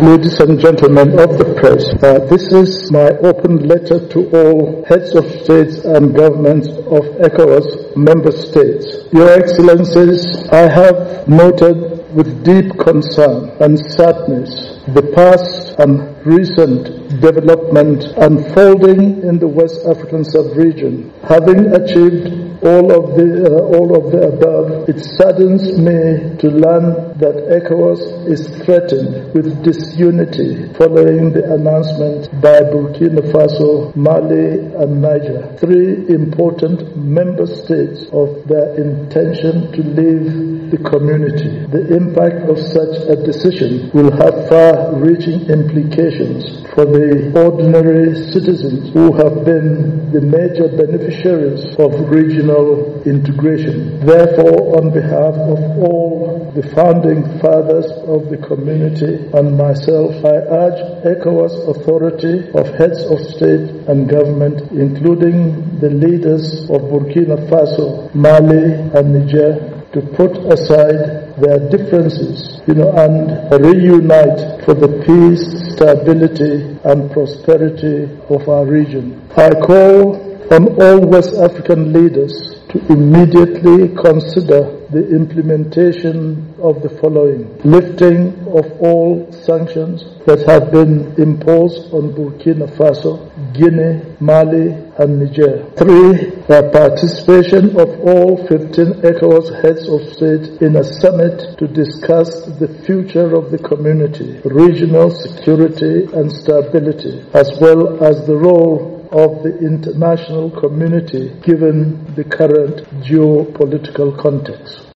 ladies and gentlemen of the press, uh, this is my open letter to all heads of states and governments of ECOWAS member states. Your Excellencies, I have noted with deep concern and sadness the past and recent development unfolding in the West African sub-region, having achieved all of the uh, all of the above, it saddens me to learn that ECOWAS is threatened with disunity following the announcement by Burkina Faso, Mali, and Niger, three important member states of their intention to leave the community. The impact of such a decision will have far-reaching implications for the ordinary citizens who have been the major beneficiaries of regional national integration. Therefore, on behalf of all the founding fathers of the community and myself, I urge ECOWAS authority of heads of state and government, including the leaders of Burkina Faso, Mali and Niger, to put aside their differences, you know, and reunite for the peace, stability, and prosperity of our region. I call on all West African leaders to immediately consider the implementation of the following lifting of all sanctions that have been imposed on Burkina Faso, Guinea, Mali, and Niger. Three, the participation of all 15 ECOWAS heads of state in a summit to discuss the future of the community, regional security and stability, as well as the role of the international community given the current geopolitical context.